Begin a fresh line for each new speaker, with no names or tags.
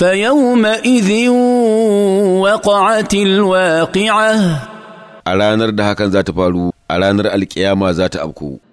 فيومئذ وقعت الواقعة a ranar da hakan za ta faru a ranar alkiyama za ta abku